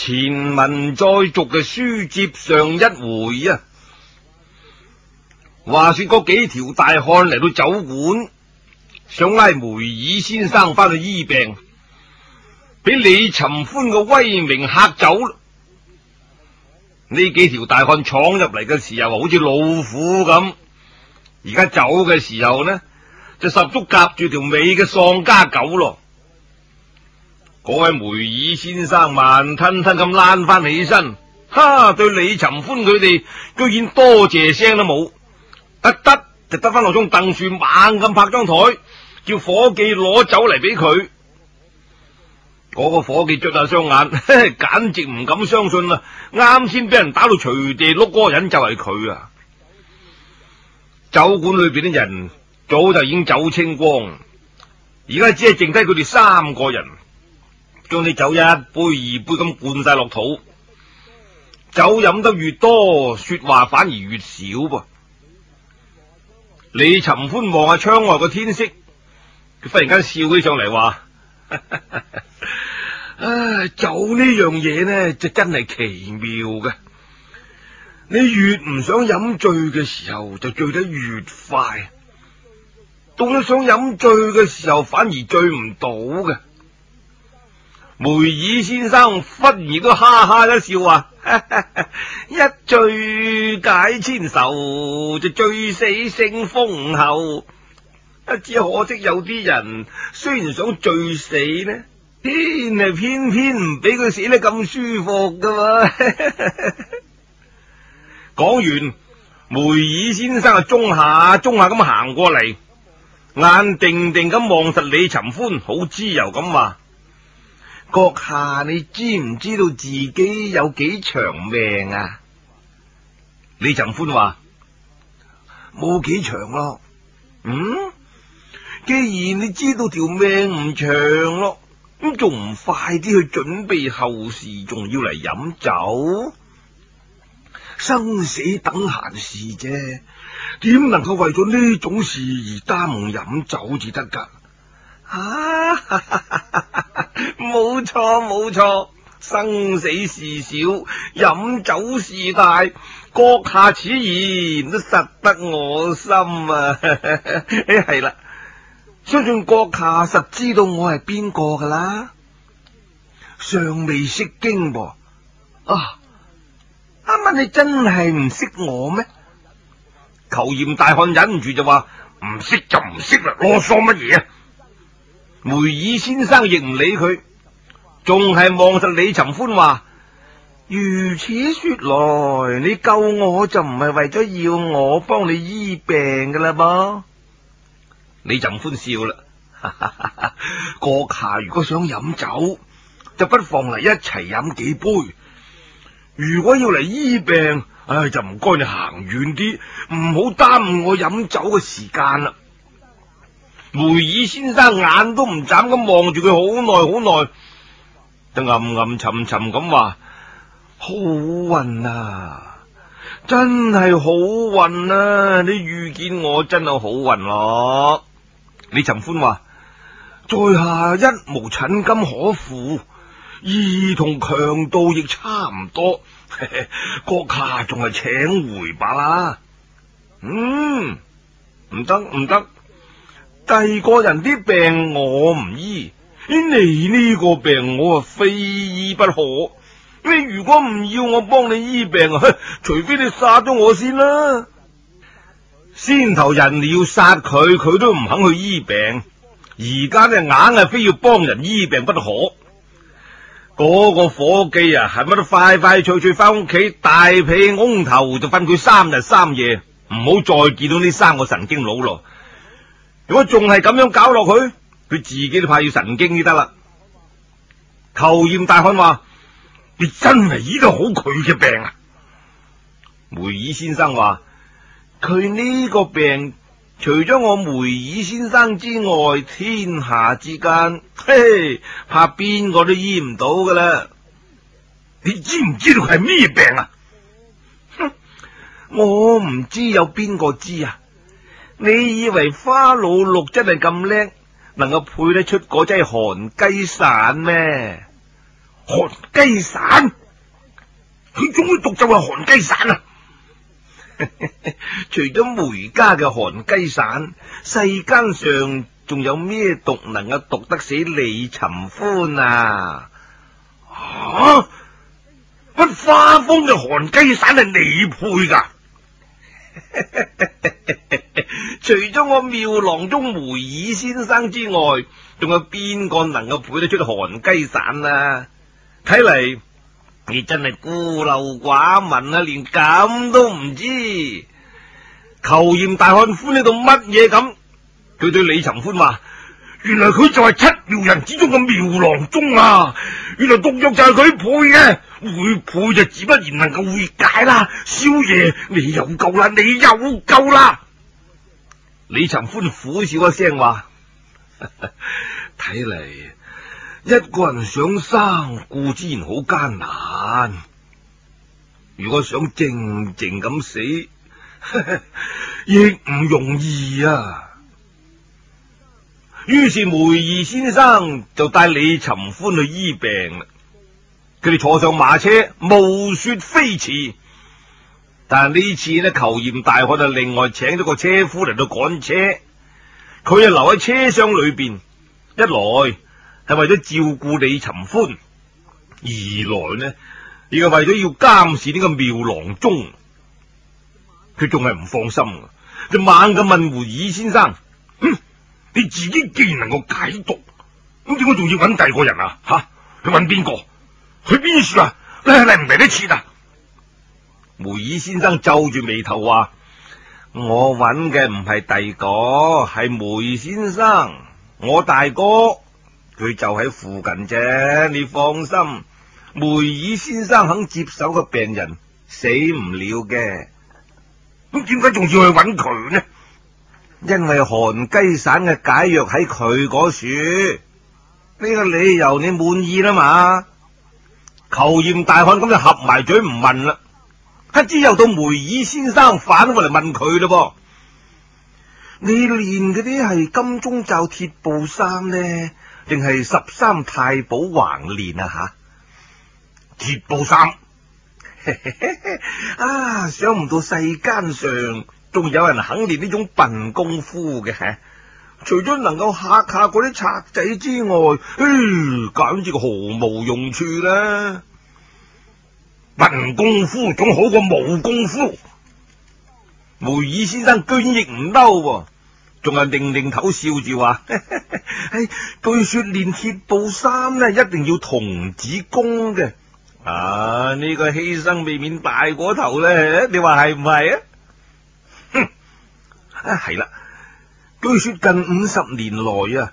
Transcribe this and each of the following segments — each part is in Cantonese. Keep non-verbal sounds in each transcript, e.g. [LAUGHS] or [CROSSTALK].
前文再續嘅書接上一回啊，話說幾條大漢嚟到酒館，想拉梅爾先生翻去醫病，俾李尋歡嘅威名嚇走。呢幾條大漢闖入嚟嘅時候，好似老虎咁，而家走嘅時候呢，就十足夾住條尾嘅喪家狗咯。嗰位梅爾先生慢吞吞咁攣翻起身，哈！對李尋歡佢哋居然多謝聲都冇，一得就得翻落張凳樹，猛咁拍張台，叫伙計攞酒嚟俾佢。嗰、那個伙計捽下雙眼呵呵，簡直唔敢相信啦、啊！啱先俾人打到隨地碌嗰個人就係、是、佢啊！酒館裏邊啲人早就已經走清光，而家只係剩低佢哋三個人。將啲酒一杯二杯咁灌晒落肚，酒飲得越多，說話反而越少噃。李尋歡望下窗外個天色，佢忽然間笑起上嚟話： [LAUGHS] 唉，酒呢樣嘢呢就真係奇妙嘅。你越唔想飲醉嘅時候，就醉得越快，到咗想飲醉嘅時候，反而醉唔到嘅。梅爾先生忽然都哈哈一笑話，話：一醉解千愁，就醉死勝封侯。一只可惜，有啲人雖然想醉死呢，偏係偏偏唔俾佢死得咁舒服噶嘛、啊。講完，梅爾先生啊，中下中下咁行過嚟，眼定定咁望實李尋歡，好自由咁話。閣下，你知唔知道自己有幾長命啊？李尋歡話冇幾長咯。嗯，既然你知道條命唔長咯，咁仲唔快啲去準備後事？仲要嚟飲酒？生死等閒事啫，點能夠為咗呢種事而耽誤飲酒至得噶？啊！ [LAUGHS] 冇錯冇錯，生死事小，飲酒事大。閣下此言都實得我心啊！係 [LAUGHS] 啦，相信閣下實知道我係邊個噶啦，尚未識荊噃啊！啱、啊、啱，你真係唔識我咩？虯髯大漢忍唔住就話，唔識就唔識啦，囉嗦乜嘢啊！梅爾先生亦唔理佢，仲係望實李尋歡話：如此說來，你救我就唔係為咗要我幫你醫病噶啦？噃。李尋歡笑啦，閣 [LAUGHS] 下如果想飲酒，就不妨嚟一齊飲幾杯。如果要嚟醫病，唉，就唔該你行遠啲，唔好耽誤我飲酒嘅時間啦。梅爾先生眼都唔眨咁望住佢好耐好耐，就暗暗沉沉咁話：好運啊，真係好運啊！你遇見我真係好運咯、啊。李尋歡話：在下一無診金可付，二同強盜亦差唔多，閣下仲係請回吧啦。嗯，唔得唔得。第二個人啲病我唔醫，你呢個病我啊非醫不可。你如果唔要我幫你醫病啊，除非你殺咗我先啦。先頭人要殺佢，佢都唔肯去醫病。而家呢硬係非要幫人醫病不可。嗰、那個伙計啊，係乜都快快脆脆翻屋企，大被翁頭就瞓佢三日三夜，唔好再見到呢三個神經佬咯。如果仲係咁樣搞落去，佢自己都怕要神經就得啦。求彥大漢話：，你真係醫得好佢嘅病啊！梅爾先生話：，佢呢個病，除咗我梅爾先生之外，天下之間，嘿,嘿，怕邊個都醫唔到噶啦。你知唔知道佢係咩病啊？哼，我唔知,有知，有邊個知啊？你以為花老六真係咁叻，能夠配得出嗰劑寒雞散咩？寒雞散，佢種嘅毒就係寒雞散啊！ [LAUGHS] 除咗梅家嘅寒雞散，世間上仲有咩毒能夠毒得死李尋歡啊？啊，乜花風嘅寒雞散係你配噶？ [LAUGHS] 除咗我妙郎中梅二先生之外，仲有邊個能夠配得出寒雞散啊？睇嚟你真係孤陋寡聞啊，連咁都唔知。求艷大漢歡呢度乜嘢咁？佢對李尋歡話。原來佢就係七苗人之中嘅苗郎中啊！原來毒藥就係佢配嘅，會配就自不然能夠會解啦。少爺，你有救啦，你有救啦。李尋歡苦笑一聲話：，睇 [LAUGHS] 嚟，一個人想生，固然好艱難；如果想靜靜咁死，亦 [LAUGHS] 唔容易啊！於是梅二先生就帶李尋歡去醫病啦。佢哋坐上馬車，冒雪飛馳。但係呢次呢，虬髯大漢就另外請咗個車夫嚟到趕車。佢啊留喺車廂裏邊，一來係為咗照顧李尋歡，二來呢而係為咗要監視呢個妙郎中。佢仲係唔放心，就猛咁問梅二先生。 [COUGHS] 你自己既然能夠解毒，咁點解仲要揾第二個人啊？吓、啊，去揾邊個？去邊處啊？嚟嚟唔嚟得切啊？梅爾先生皺住眉頭話：我揾嘅唔係第二個，係梅先生，我大哥，佢就喺附近啫。你放心，梅爾先生肯接手個病人死唔了嘅。咁點解仲要去揾佢呢？因為韓雞散嘅解藥喺佢嗰處，呢、這個理由你滿意啦嘛？求賢大漢咁就合埋嘴唔問啦，一知又到梅爾先生反過嚟問佢咯噃？你練嗰啲係金鐘罩鐵布衫呢，定係十三太保橫練啊？吓，鐵布衫啊，想唔到世間上。仲有人肯練呢種笨功夫嘅，啊？除咗能夠嚇下嗰啲賊仔之外，唉，簡直毫無用處啦！笨功夫總好過冇功夫。梅爾先生居然亦唔嬲，仲係擰擰頭笑住話， [LAUGHS] 哎，據說練鐵布衫呢，一定要童子功嘅。啊，呢個犧牲未免大過頭咧！你話係唔係啊？係啦，據、啊、說近五十年來啊，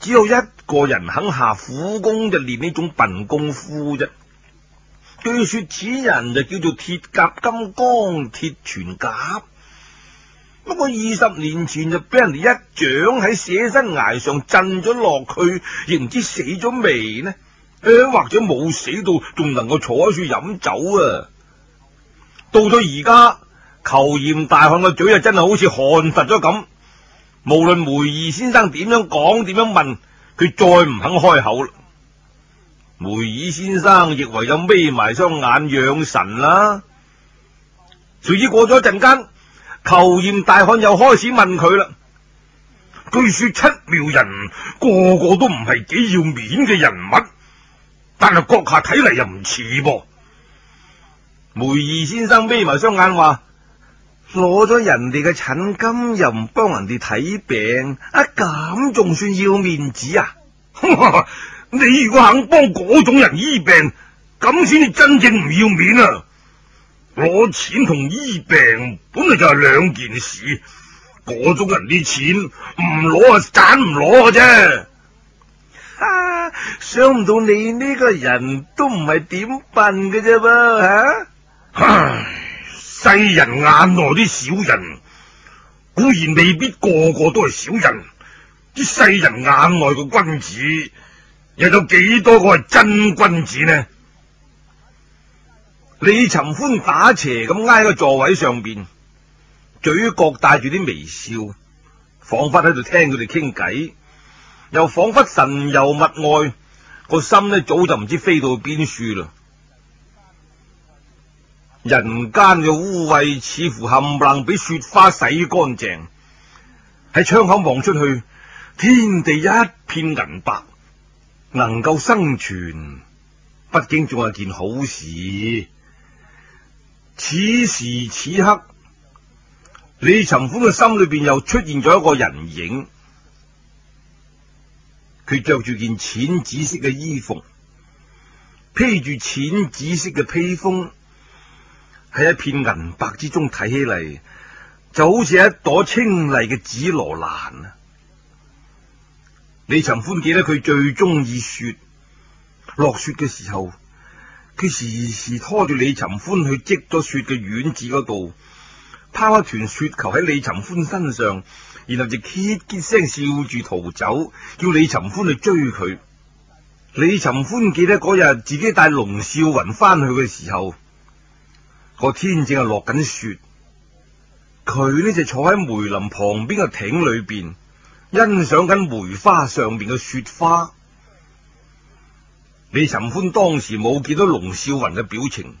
只有一個人肯下苦功就練呢種笨功夫啫。據說此人就叫做鐵甲金剛鐵拳甲，不過二十年前就俾人哋一掌喺捨身崖上震咗落去，亦唔知死咗未呢？哎？或者冇死到，仲能夠坐喺處飲酒啊？到咗而家。仇賢大漢個嘴就真係好似汗實咗咁，無論梅二先生點樣講，點樣問，佢再唔肯開口。梅二先生亦唯有眯埋雙眼養神啦。隨之過咗一陣間，仇賢大漢又開始問佢啦。據說七妙人個個都唔係幾要面嘅人物，但係閣下睇嚟又唔似噃。梅二先生眯埋雙眼話。攞咗人哋嘅診金又唔幫人哋睇病，啊咁仲算要面子啊？ [LAUGHS] 你如果肯幫嗰種人醫病，咁先至真正唔要面啊！攞錢同醫病本來就係兩件事，嗰種人啲錢唔攞啊，盞唔攞嘅啫。哈！想唔到你呢個人都唔係點笨嘅啫噃吓。啊 [LAUGHS] 世人眼內啲小人固然未必個個都係小人，啲世人眼內嘅君子又有幾多個係真君子呢？李尋歡打斜咁挨個座位上邊，嘴角帶住啲微笑，仿佛喺度聽佢哋傾偈，又仿佛神遊物外，個心呢早就唔知飛到邊處啦。人間嘅污穢似乎冚唪唥俾雪花洗乾淨。喺窗口望出去，天地一片銀白。能夠生存，畢竟仲係件好事。此時此刻，李尋歡嘅心裏邊又出現咗一個人影。佢着住件淺紫色嘅衣服，披住淺紫色嘅披風。喺一片銀白之中睇起嚟，就好似一朵清麗嘅紫羅蘭啊！李尋歡記得佢最中意雪，落雪嘅時候，佢時時拖住李尋歡去積咗雪嘅院子嗰度，拋一團雪球喺李尋歡身上，然後就揭怯聲笑住逃走，叫李尋歡去追佢。李尋歡記得嗰日自己帶龍少雲翻去嘅時候。個天正係落緊雪，佢呢就坐喺梅林旁邊嘅亭裏邊欣賞緊梅花上邊嘅雪花。李尋歡當時冇見到龍少雲嘅表情，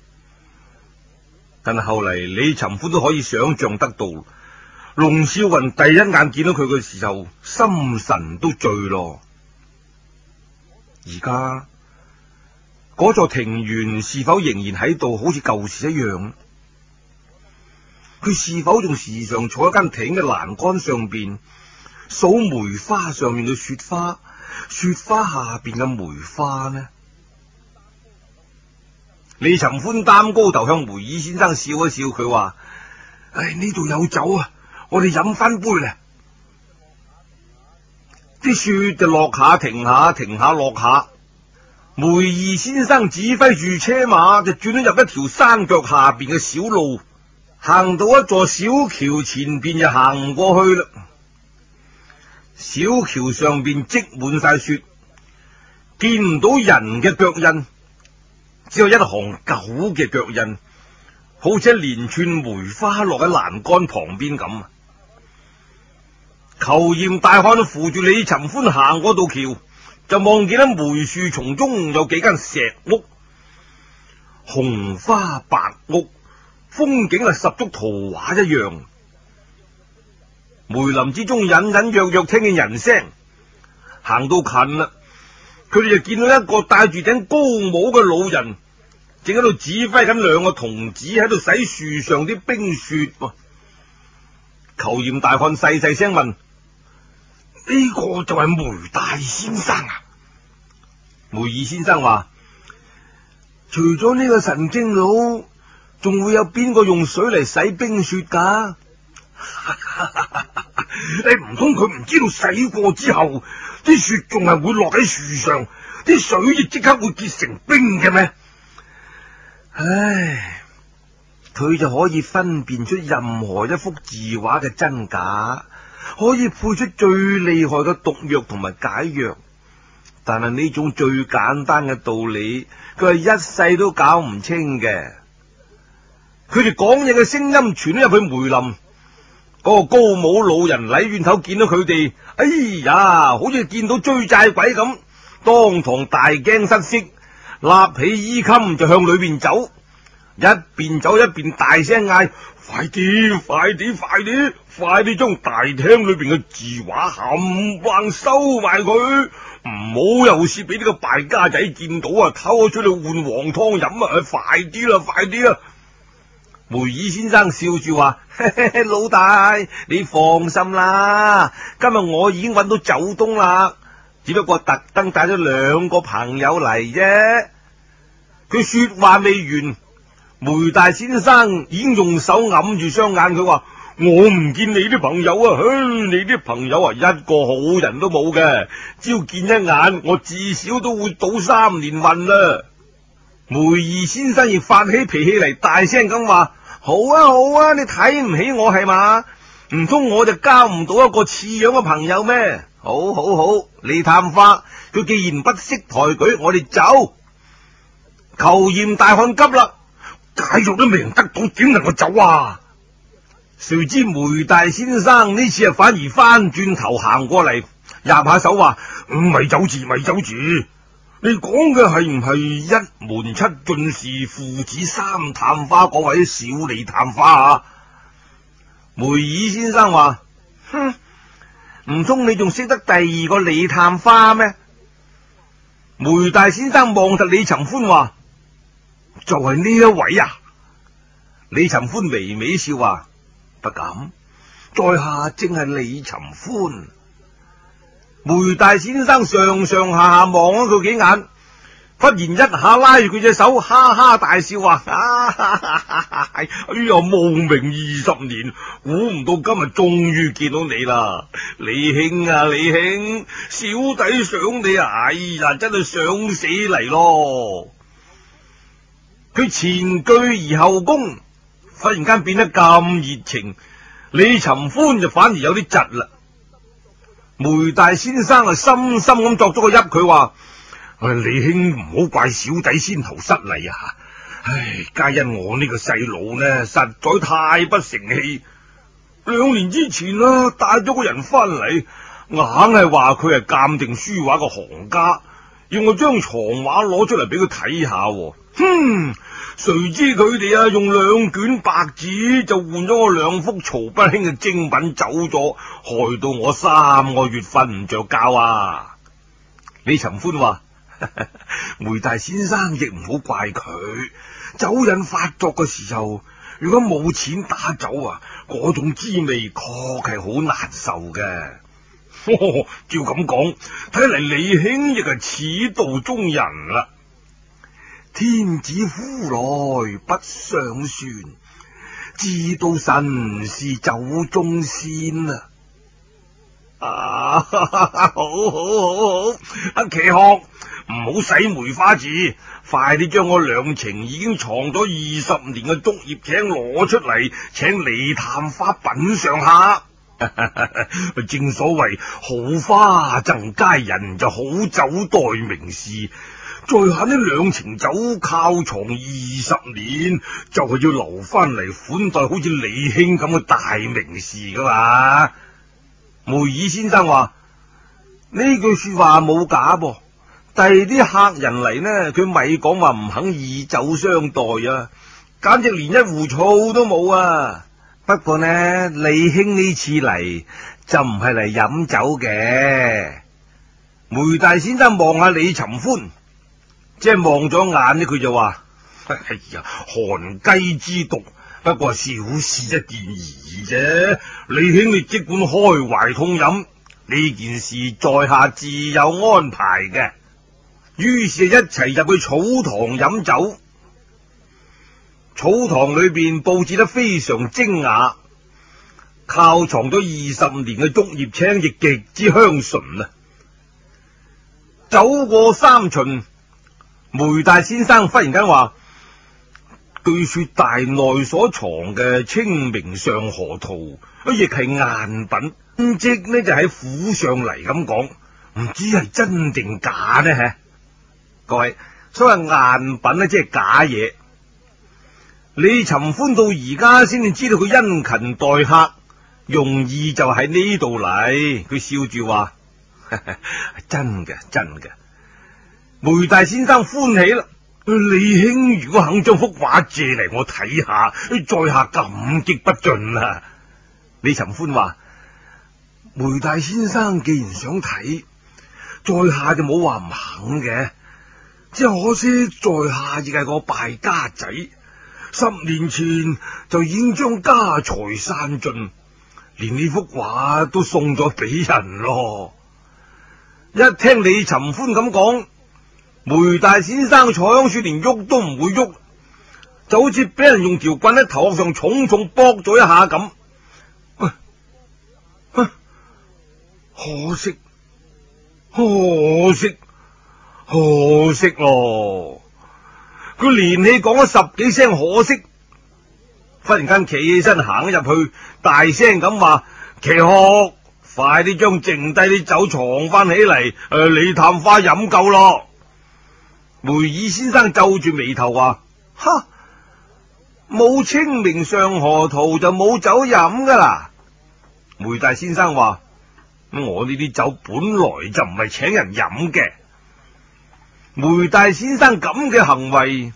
但係後嚟李尋歡都可以想象得到，龍少雲第一眼見到佢嘅時候，心神都醉咯。而家。嗰座庭園是否仍然喺度，好似舊時一樣？佢是否仲時常坐喺間亭嘅欄杆上邊數梅花上面嘅雪花，雪花下邊嘅梅花呢？李尋歡擔高頭向梅爾先生笑一笑，佢話：唉，呢度有酒啊，我哋飲翻杯啦，啊！啲雪就落下，下，停下，停下，落下。梅二先生指揮住車馬就轉咗入一條山腳下邊嘅小路，行到一座小橋前邊就行過去啦。小橋上邊積滿晒雪，見唔到人嘅腳印，只有一行狗嘅腳印，好似一連串梅花落喺欄杆旁邊咁。求嚴大漢扶住李尋歡行過道橋。就望見咧梅樹叢中有幾間石屋，紅花白屋，風景啊十足圖畫一樣。梅林之中隱隱約約聽見人聲，行到近啦，佢哋就見到一個戴住頂高帽嘅老人，正喺度指揮緊兩個童子喺度洗樹上啲冰雪。虬髯大漢細細聲問。呢個就係梅大先生啊！梅二先生話：除咗呢個神經佬，仲會有邊個用水嚟洗冰雪噶？你唔通佢唔知道洗過之後，啲雪仲係會落喺樹上，啲水亦即刻會結成冰嘅咩？ [LAUGHS] 唉，佢就可以分辨出任何一幅字畫嘅真假。可以配出最厲害嘅毒藥同埋解藥，但係呢種最簡單嘅道理，佢係一世都搞唔清嘅。佢哋講嘢嘅聲音傳咗入去梅林，嗰個高帽老人喺遠頭見到佢哋，哎呀，好似見到追債鬼咁，當堂大驚失色，立起衣襟就向裏邊走，一邊走一邊大聲嗌：快啲，快啲，快啲！快啲將大廳裏邊嘅字畫冚唪收埋佢，唔好又是俾呢個敗家仔見到啊！偷出嚟換黃湯飲啊！快啲啦，快啲啊！梅二先生笑住話： [LAUGHS] 老大，你放心啦，今日我已經揾到酒東啦，只不過特登帶咗兩個朋友嚟啫。佢說話未完，梅大先生已經用手揞住雙眼，佢話。我唔見你啲朋友啊，哼！你啲朋友啊，一個好人都冇嘅。只要見一眼，我至少都會倒三年運啦。梅二先生亦發起脾氣嚟，大聲咁話：好啊，好啊，你睇唔起我係嘛？唔通我就交唔到一個似樣嘅朋友咩？好，好，好！李探花，佢既然不識抬舉，我哋走。求賢大漢急啦，解玉都未能得到，點能夠走啊？誰知梅大先生呢次啊，反而翻轉頭行過嚟，插下手話，咪走住，咪走住，你講嘅係唔係一門七進士父子三探花嗰位小李探花啊？梅二先生話：哼，唔通你仲識得第二個李探花咩？梅大先生望實李尋歡話：就係、是、呢一位啊，李尋歡微微笑話。不敢，在下正係李尋歡。梅大先生上上下下望咗佢幾眼，忽然一下拉住佢隻手，哈哈大笑話：哈哈哈哈哈哎呀，慕名二十年，估唔到今日終於見到你啦，李兄啊，李兄，小弟想你啊，哎呀，真係想死嚟咯。佢前倨而後恭。忽然間變得咁熱情，李尋歡就反而有啲窒啦。梅大先生啊，深深咁作咗個揖，佢話：誒、啊，李兄唔好怪小弟先頭失禮啊！唉，皆因我呢個細佬呢，實在太不成器。兩年之前啦、啊，帶咗個人翻嚟，硬係話佢係鑒定書畫嘅行家，要我將藏畫攞出嚟俾佢睇下、啊。哼！誰知佢哋啊用兩卷白紙就換咗我兩幅曹不興嘅精品走咗，害到我三個月瞓唔着覺啊！李尋歡話：梅大先生亦唔好怪佢，酒癮發作嘅時候，如果冇錢打酒啊，嗰種滋味確係好難受嘅。照咁講，睇嚟李兄亦係此道中人啦。天子呼來不上船，知道神是酒中仙啊！啊， [LAUGHS] 好，好，好，好，好，阿奇學唔好使梅花字，快啲將我兩情已經藏咗二十年嘅竹葉青攞出嚟，請李探花品嘗下。 [LAUGHS] 正所謂好花贈佳人，就好酒待名士。再行呢兩程酒，靠床二十年，就係、是、要留翻嚟款待好似李兄咁嘅大名士噶嘛。梅爾先生話：呢句說話冇假噃。第啲客人嚟呢，佢咪講話唔肯以酒相待啊，簡直連一壺醋都冇啊。不過呢，李兄呢次嚟就唔係嚟飲酒嘅。梅大先生望下李尋歡。即係望咗眼咧，佢就話：哎呀，寒雞之毒不過小事一件啫。李兄你即管開懷痛飲，呢件事在下自有安排嘅。於是就一齊入去草堂飲酒。草堂裏邊布置得非常精雅，靠藏咗二十年嘅竹葉青亦極之香醇啊，酒過三巡。梅大先生忽然間話：據說大內所藏嘅《清明上河圖》啊，亦係贋品。即呢就喺府上嚟咁講，唔知係真定假呢？各位所謂贋品呢，即係假嘢。李尋歡到而家先至知道佢殷勤待客，用意就喺呢度嚟。佢笑住話：真嘅，真嘅。梅大先生歡喜啦，李兄如果肯將幅畫借嚟我睇下，在下感激不盡啦。李尋歡話：梅大先生既然想睇，在下就冇話唔肯嘅。即只可惜在下亦係個敗家仔，十年前就已經將家財散盡，連呢幅畫都送咗俾人咯。一聽李尋歡咁講。梅大先生坐響處，連喐都唔會喐，就好似俾人用條棍喺頭上重重搏咗一下咁、啊啊。可惜，可惜，可惜咯！佢連氣講咗十幾聲可惜，忽然間企起身行咗入去，大聲咁話：奇學，快啲將剩低啲酒藏翻起嚟。誒，李探花飲夠咯！梅爾先生皺住眉頭話：哈，冇清明上河圖就冇酒飲噶啦。梅大先生話：我呢啲酒本來就唔係請人飲嘅。梅大先生咁嘅行為，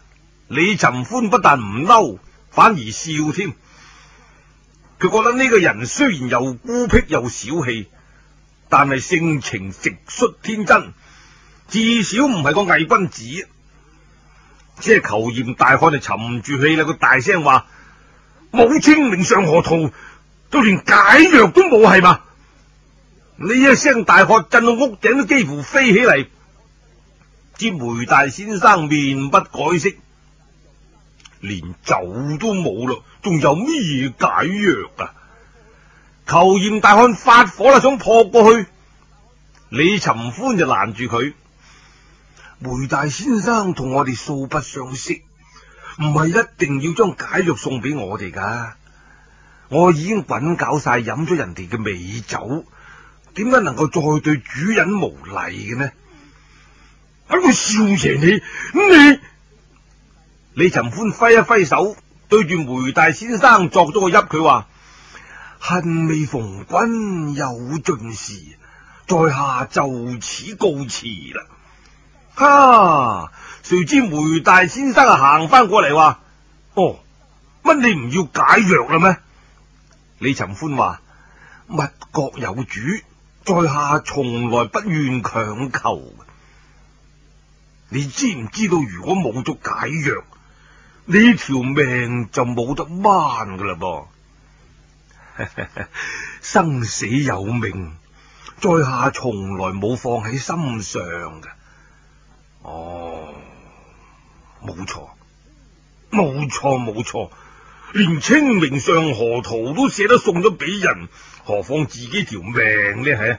李尋歡不但唔嬲，反而笑添。佢覺得呢個人雖然又孤僻又小氣，但係性情直率天真。至少唔係個偽君子，只係虯髯大漢就沉住氣啦。佢、那個、大聲話：冇清明上河圖，都連解藥都冇，係嘛？呢一聲大喝震到屋頂都幾乎飛起嚟。知梅大先生面不改色，連酒都冇咯，仲有咩解藥啊？虯髯大漢發火啦，想撲過去，李尋歡就攔住佢。梅大先生同我哋素不相識，唔係一定要將解藥送俾我哋噶。我已經滾攪晒飲咗人哋嘅美酒，點解能夠再對主人無禮嘅呢？啊，少爺你你李尋歡揮一揮手，對住梅大先生作咗個揖，佢話恨未逢君有盡時，在下就此告辭啦。哈！誰、啊、知梅大先生啊行翻過嚟話：哦，乜你唔要解藥啦咩？李尋歡話：物各有主，在下從來不願強求。你知唔知道？如果冇咗解藥，呢條命就冇得掹噶啦噃。 [LAUGHS] 生死有命，在下從來冇放喺心上嘅。哦，冇錯，冇錯，冇錯，連清明上河圖都捨得送咗俾人，何況自己條命呢？係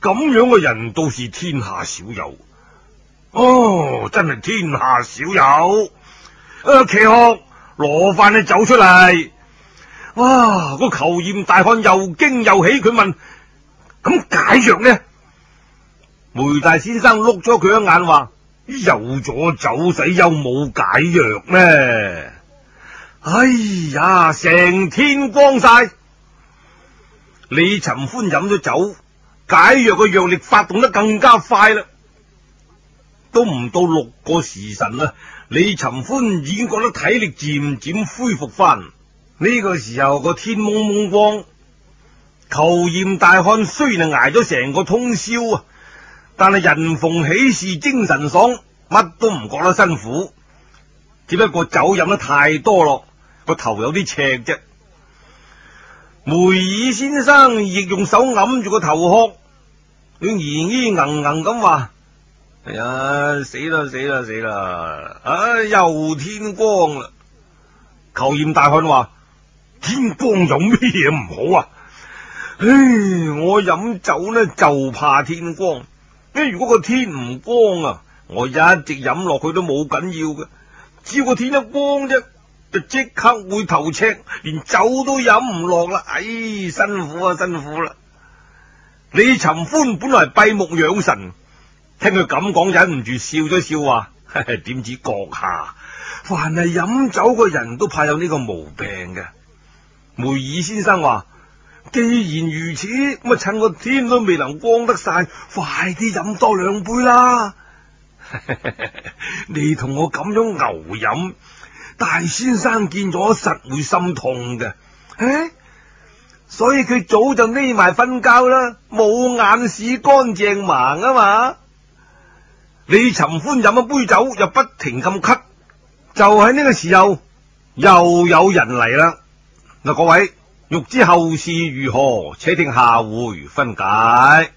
咁樣嘅人，倒是天下少有。哦，真係天下少有。誒、呃，奇學攞返，你走出嚟。哇！個虬髯大漢又驚又喜，佢問：咁解藥呢？梅大先生碌咗佢一眼，話有咗酒，使又冇解藥咩？哎呀，成天光晒。李尋歡飲咗酒，解藥嘅藥力發動得更加快啦。都唔到六個時辰啦，李尋歡已經覺得體力漸漸恢復翻。呢個時候個天濛濛光，求嚴大漢雖然係挨咗成個通宵啊。但係人逢喜事精神爽，乜都唔覺得辛苦，只不過酒飲得太多咯，個頭有啲赤啫。梅爾先生亦用手揞住個頭殼，佢衣衣硬硬咁話：，哎呀，死啦死啦死啦！唉、啊，又天光啦。虬髯大漢話：天光有咩嘢唔好啊？唉，我飲酒呢，就怕天光。如果個天唔光啊，我一直飲落去都冇緊要嘅，只要個天一光啫，就即刻會頭赤，連酒都飲唔落啦。哎，辛苦啊，辛苦啦！李尋歡本來係閉目養神，聽佢咁講，忍唔住笑咗笑話：，點 [LAUGHS] 知閣下，凡係飲酒個人都怕有呢個毛病嘅。梅爾先生話。既然如此，咁趁個天都未能光得晒，快啲飲多兩杯啦！ [LAUGHS] 你同我咁樣牛飲，大先生見咗實會心痛嘅，唉、欸！所以佢早就匿埋瞓覺啦，冇眼屎乾淨盲啊嘛！李尋歡飲一杯酒，又不停咁咳。就喺呢個時候，又有人嚟啦嗱，各位，欲知後事如何，且聽下回分解。